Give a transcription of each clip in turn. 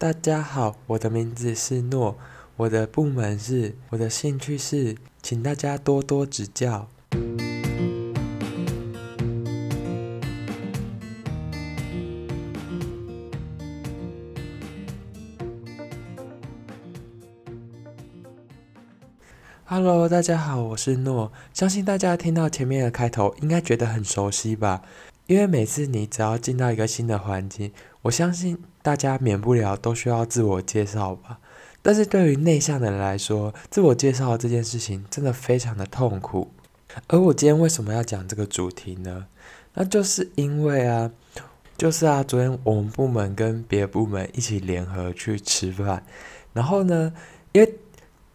大家好，我的名字是諾，我的部門是，我的興趣是，請大家多多指教。Hello，大家好，我是諾，相信大家聽到前面的開頭，應該覺得很熟悉吧。因為每次你只要進到一個新的環境，我相信大家免不了都需要自我介紹吧。但是對於內向的人來說，自我介紹這件事情真的非常的痛苦。而我今天為什麼要講這個主題呢？那就是因為啊，就是啊，昨天我們部門跟別的部門一起聯合去吃飯，然後呢，因為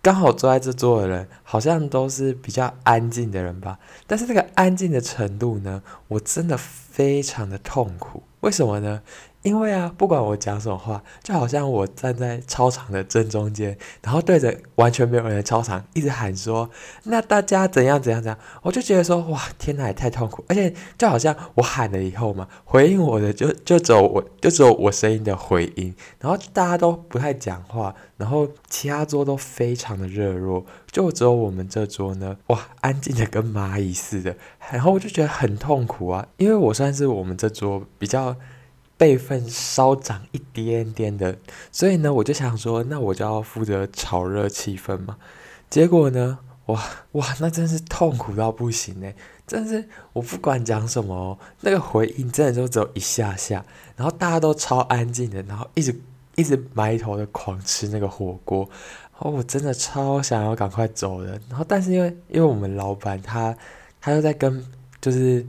剛好坐在這桌的人，好像都是比較安靜的人吧。但是那個安靜的程度呢，我真的非常的痛苦。為什麼呢？因為啊，不管我講什麼話，就好像我站在操場的正中間，然後對着完全沒有人的操場一直喊說，那大家怎樣怎樣怎樣，我就覺得說，哇，天哪，也太痛苦。而且就好像我喊了以後嘛，回應我的就就只有我，就只有我聲音的回音，然後大家都不太講話，然後其他桌都非常的熱絡，就只有我們這桌呢，哇，安靜的跟螞蟻似的，然後我就覺得很痛苦啊，因為我算是我們這桌比較。輩分稍長一點點的，所以呢，我就想說，那我就要負責炒熱氣氛嘛。結果呢，哇哇，那真是痛苦到不行呢、欸。真是我不管講什麼、哦，那個回應真的就只有一下下，然後大家都超安靜的，然後一直一直埋頭的狂吃那個火鍋，然後我真的超想要趕快走的。然後，但是因為因為我們老闆他，他又在跟就是。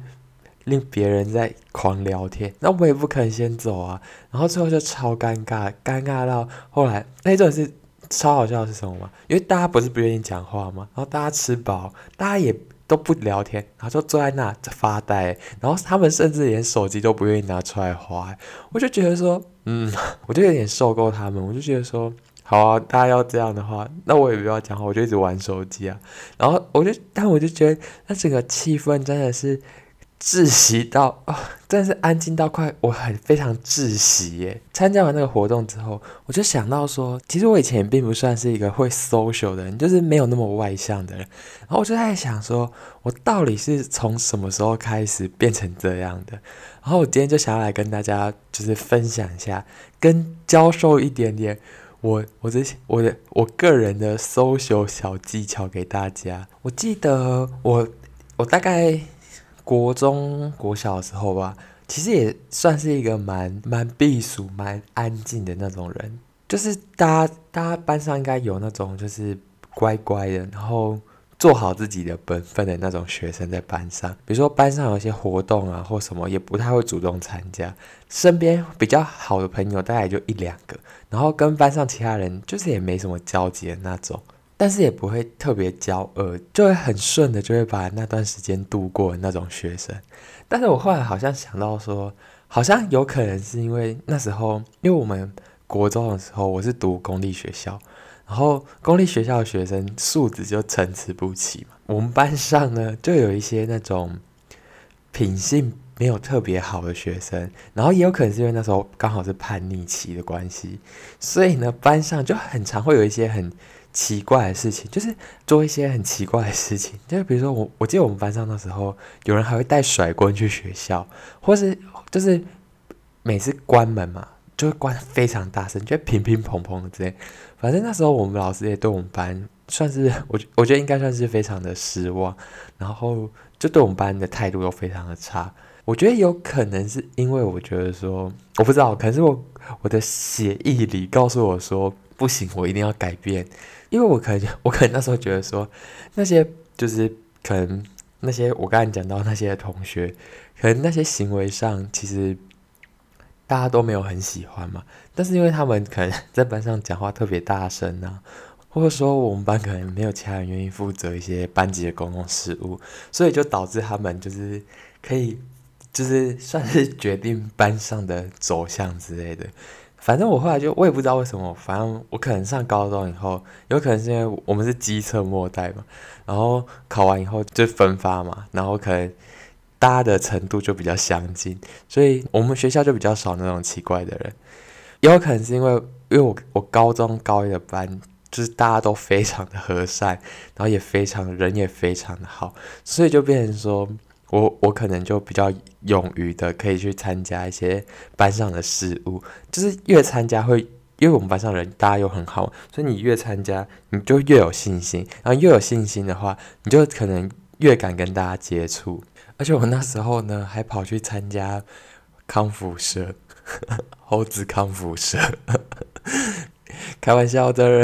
令別人在狂聊天，那我也不肯先走啊。然後最後就超尷尬，尷尬到後來那段、欸、是超好笑的是什麼嗎？因為大家不是不願意講話嗎？然後大家吃飽，大家也都不聊天，然後就坐在那就發呆。然後他們甚至連手機都不願意拿出來滑。我就覺得說，嗯，我就有點受夠他們。我就覺得說，好啊，大家要這樣的話，那我也不要講話，我就一直玩手機啊。然後我就，但我就覺得那整個氣氛真的是。窒息到啊、哦！但是安靜到快，我很非常窒息耶。參加完那個活動之後，我就想到說，其實我以前也並不算是一個會 social 的人，就是沒有那麼外向的人。然後我就在想說，我到底是從什麼時候開始變成這樣的？然後我今天就想要來跟大家就是分享一下，跟教授一點點我我這些我的我個人的 social 小技巧給大家。我記得我我大概。國中、國小的時候吧，其實也算是一個蠻蠻閉俗、蠻安靜的那種人。就是大家，大家班上應該有那種就是乖乖的，然後做好自己的本分的那種學生在班上。比如說班上有些活動啊，或什麼也不太會主動參加。身邊比較好的朋友大概也就一兩個，然後跟班上其他人就是也沒什麼交集的那種。但是也不會特別驕傲，就會很順的，就會把那段時間度過的那種學生。但是我後來好像想到說，好像有可能是因為那時候，因為我們國中的時候我是讀公立學校，然後公立學校的學生素質就參差不齊嘛。我們班上呢，就有一些那種品性沒有特別好的學生，然後也有可能是因為那時候剛好是叛逆期的關係，所以呢，班上就很常會有一些很奇怪的事情，就是做一些很奇怪的事情，就是、比如說我，我記得我們班上的時候，有人還會帶甩棍去學校，或是就是每次關門嘛，就會關非常大聲，就乒乒乓乓的之類。反正那時候我們老師也對我們班算是我，我覺得應該算是非常的失望，然後就對我們班的態度又非常的差。我覺得有可能是因為我覺得說，我不知道，可是我我的血液裡告訴我說。不行，我一定要改變，因為我可能，我可能那時候覺得說，那些就是可能那些我剛才講到那些同學，可能那些行為上其實大家都沒有很喜歡嘛，但是因為他們可能在班上講話特別大聲啊，或者說我們班可能沒有其他人願意負責一些班級的公共事務，所以就導致他們就是可以就是算是決定班上的走向之類的。反正我後來就我也不知道為什麼，反正我可能上高中以後，有可能是因為我們是基測末代嘛，然後考完以後就分發嘛，然後可能大家的程度就比較相近，所以我們學校就比較少那種奇怪的人。也有可能是因為，因為我我高中高一的班就是大家都非常的和善，然後也非常人也非常的好，所以就變成說。我我可能就比較勇於的，可以去參加一些班上的事務。就是越參加會，因為我們班上的人大家又很好，所以你越參加你就越有信心，然後越有信心的話，你就可能越敢跟大家接觸。而且我那時候呢，還跑去參加康輔社，猴子康輔社，開玩笑的。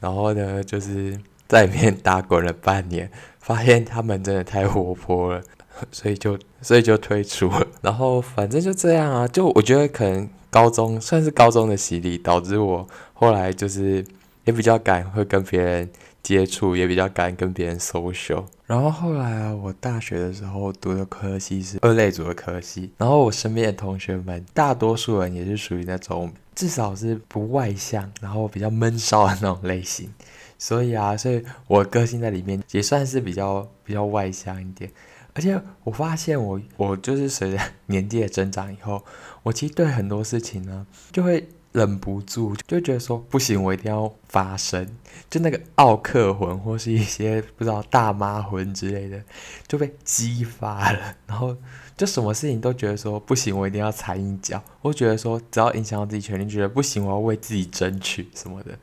然後呢，就是。在裡面打滾了半年，發現他們真的太活潑了，所以就所以就退出了。然後反正就這樣啊，就我覺得可能高中算是高中的洗禮，導致我後來就是也比較敢會跟別人接觸，也比較敢跟別人 social。然後後來啊，我大學的時候讀的科系是二類組的科系，然後我身邊的同學們，大多數人也是屬於那種。至少是不外向，然後比較悶騷的那種類型，所以啊，所以我個性在裡面也算是比較比較外向一點，而且我發現我我就是隨着年紀的增長以後，我其實對很多事情呢就會。忍不住就覺得說不行，我一定要發聲，就那個奧客魂或是一些不知道大媽魂之類的就被激發了，然後就什麼事情都覺得說不行，我一定要踩一腳。我覺得說只要影響到自己權益，覺得不行，我要為自己爭取什麼的。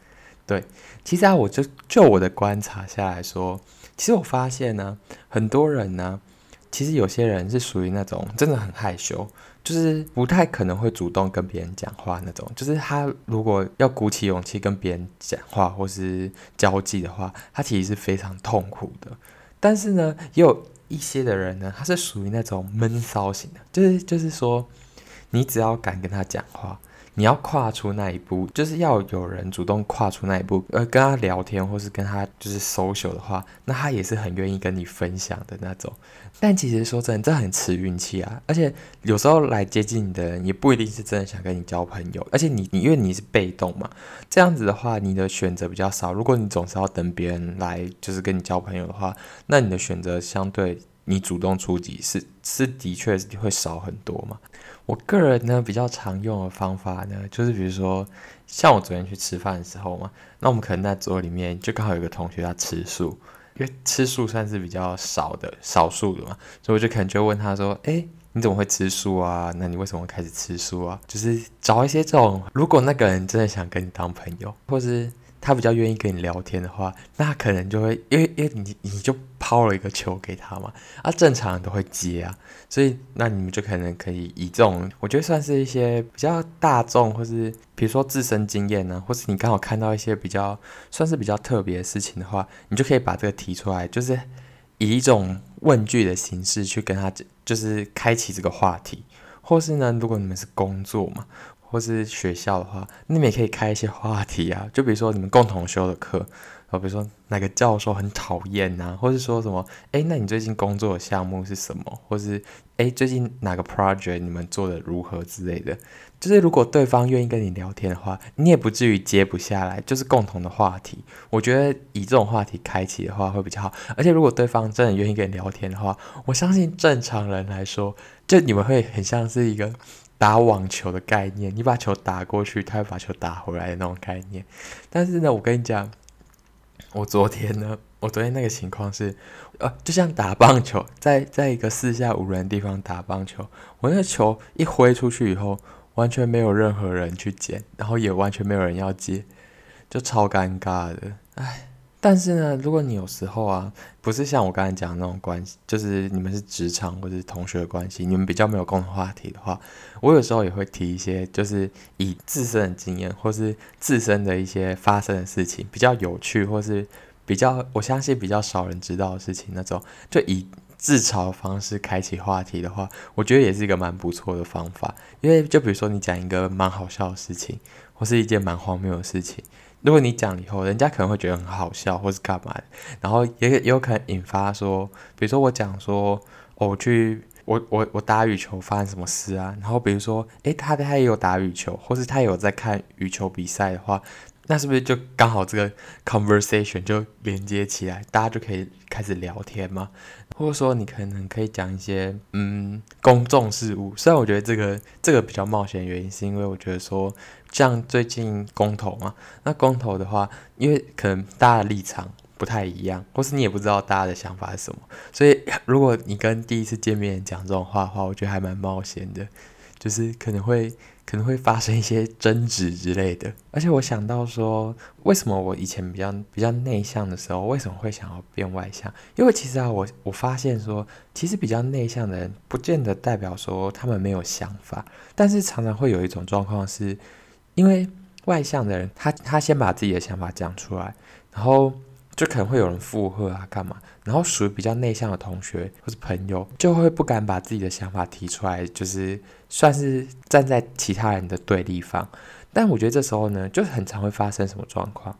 對，其實啊，我就就我的觀察下來說，其實我發現呢、啊，很多人呢、啊，其實有些人是屬於那種真的很害羞。就是不太可能會主動跟別人講話那種，就是他如果要鼓起勇氣跟別人講話或是交際的話，他其實是非常痛苦的。但是呢，也有一些的人呢，他是屬於那種悶騷型的，就是就是說，你只要敢跟他講話。你要跨出那一步，就是要有人主動跨出那一步，而、呃、跟他聊天或是跟他就是 social 的話，那他也是很願意跟你分享的那種。但其實說真的，這很吃運氣啊。而且有時候來接近你的人也不一定是真的想跟你交朋友，而且你你因為你是被動嘛，這樣子的話你的選擇比較少。如果你總是要等別人來就是跟你交朋友的話，那你的選擇相對。你主動出擊是是的確會少很多嘛？我個人呢比較常用的方法呢，就是比如說像我昨天去吃飯的時候嘛，那我們可能在桌裡面就剛好有個同學他吃素，因為吃素算是比較少的少數的嘛，所以我就可能就會問他說：“欸，你怎麼會吃素啊？那你為什麼會開始吃素啊？”就是找一些這種，如果那個人真的想跟你當朋友，或是他比較願意跟你聊天的話，那可能就會因為因為你你就。拋了一個球給他嘛，啊，正常人都會接啊，所以那你們就可能可以以這種，我覺得算是一些比較大眾，或是比如說自身經驗呢、啊，或是你剛好看到一些比較算是比較特別的事情的話，你就可以把這個提出來，就是以一種問句的形式去跟他，就是開啟這個話題。或是呢，如果你們是工作嘛，或是學校的話，那你們也可以開一些話題啊，就比如說你們共同修的課。好，比如說哪個教授很討厭吶、啊，或是說什麼？哎，那你最近工作的項目是什麼？或是哎，最近哪個 project 你們做得如何之類的？就是如果對方願意跟你聊天的話，你也不至於接不下來，就是共同的話題。我覺得以這種話題開啟的話會比較好。而且如果對方真的願意跟你聊天的話，我相信正常人來說，就你們會很像是一個打網球的概念，你把球打過去，他會把球打回來的那種概念。但是呢，我跟你講。我昨天呢，我昨天那個情況是，呃、啊，就像打棒球，在在一個四下無人的地方打棒球，我那個球一揮出去以後，完全沒有任何人去撿，然後也完全沒有人要接，就超尷尬的，唉。但是呢，如果你有時候啊，不是像我剛才講的那種關係，就是你們是職場或者是同學的關係，你們比較沒有共同話題的話，我有時候也會提一些，就是以自身的經驗或是自身的一些發生的事情，比較有趣或是比較我相信比較少人知道的事情那種，就以自嘲的方式開啟話題的話，我覺得也是一個蠻不錯的方法。因為就比如說你講一個蠻好笑的事情，或是一件蠻荒謬的事情。如果你講以後，人家可能會覺得很好笑，或是幹嘛的，然後也，也有可能引發說，比如說我講說，哦，我去，我我我打羽球發生什麼事啊？然後比如說，誒，他他也有打羽球，或是他有在看羽球比賽的話，那是不是就剛好這個 conversation 就連接起來，大家就可以開始聊天嗎？或者說，你可能可以講一些嗯公眾事務。雖然我覺得這個這個比較冒險的原因是因為我覺得說像最近公投啊，那公投的話，因為可能大家的立場不太一樣，或是你也不知道大家的想法是什麼，所以如果你跟第一次見面講這種話的話，我覺得還蠻冒險的，就是可能會。可能會發生一些爭執之類的，而且我想到說，為什麼我以前比較比較內嚮的時候，為什麼會想要變外向？因為其實啊，我我發現說，其實比較內向的人，不見得代表說他們沒有想法，但是常常會有一種狀況是，因為外向的人，他他先把自己的想法講出來，然後。就可能會有人附和啊，幹嘛？然後屬於比較內向的同學或者朋友，就會不敢把自己的想法提出來，就是算是站在其他人的對立方。但我覺得這時候呢，就很常會發生什麼狀況，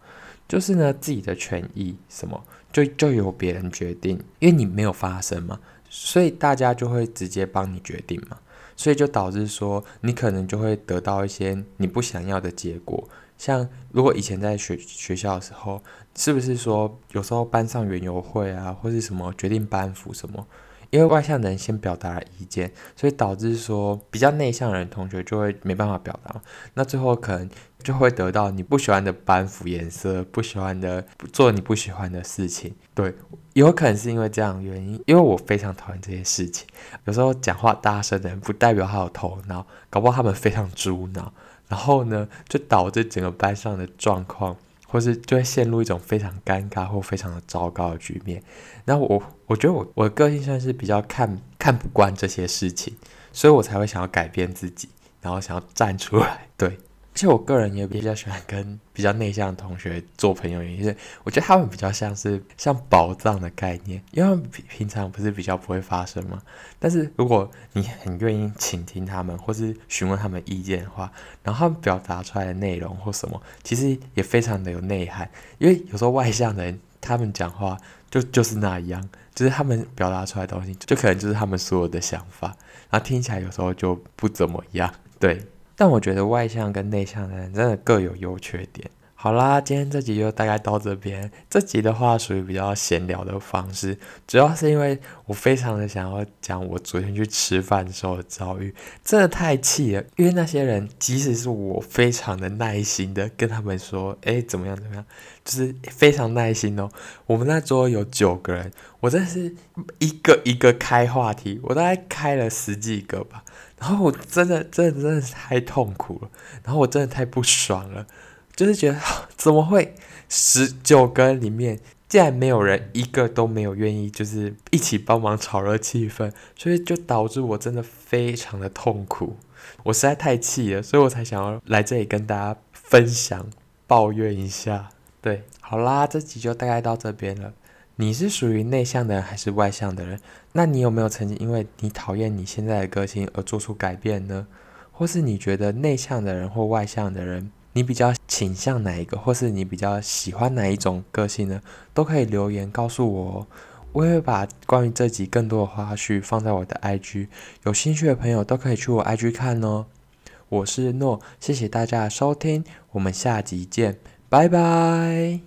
就是呢，自己的權益什麼，就就由別人決定，因為你沒有發聲嘛，所以大家就會直接幫你決定嘛，所以就導致說你可能就會得到一些你不想要的結果。像如果以前在學學校的時候。是不是說有時候班上園遊會啊，或是什麼決定班服什麼？因為外向人先表達了意見，所以導致說比較內向的人同學就會沒辦法表達。那最後可能就會得到你不喜歡的班服顏色，不喜歡的，做你不喜歡的事情。對，有可能是因為這樣的原因。因為我非常討厭這些事情。有時候講話大聲的人不代表他有頭腦，搞不好他們非常豬腦。然後呢，就導致整個班上的狀況。或是就會陷入一種非常尷尬或非常的糟糕的局面。然後我我覺得我我的個性算是比較看看不慣這些事情，所以我才會想要改變自己，然後想要站出來，對。而且我個人也比較喜歡跟比較內向的同學做朋友，因為我覺得他們比較像是像寶藏的概念，因為平平常不是比較不會發聲嗎？但是如果你很願意傾聽他們，或是詢問他們意見的話，然後他們表達出來的內容或什麼，其實也非常的有內涵。因為有時候外向的人，他們講話就就是那樣，就是他們表達出來的東西，就可能就是他們所有的想法，然後聽起來有時候就不怎麼樣，對。但我覺得外向跟內向的人真的各有優缺點。好啦，今天這集就大概到這邊。這集的話屬於比較閒聊的方式，主要是因為我非常的想要講我昨天去吃飯的時候的遭遇，真的太氣了。因為那些人，即使是我非常的耐心的跟他們說，哎、欸，怎麼樣怎麼樣，就是非常耐心哦。我們那桌有九個人，我真的是一個一個開話題，我大概開了十幾個吧。然後我真的，真的，真的，真的太痛苦了。然後我真的太不爽了。就是覺得怎麼會十九個人裡面竟然沒有人一個都沒有願意，就是一起幫忙炒熱氣氛，所以就導致我真的非常的痛苦，我實在太氣了，所以我才想要來這裡跟大家分享抱怨一下。對，好啦，這集就大概到這邊了。你是屬於內向的人還是外向的人？那你有沒有曾經因為你討厭你現在的個性而做出改變呢？或是你覺得內向的人或外向的人……你比較傾向哪一個，或是你比較喜歡哪一種個性呢？都可以留言告訴我哦。我也會把關於這集更多的花絮放在我的 IG，有興趣的朋友都可以去我 IG 看哦。我是諾，謝謝大家的收聽，我們下集見，拜拜。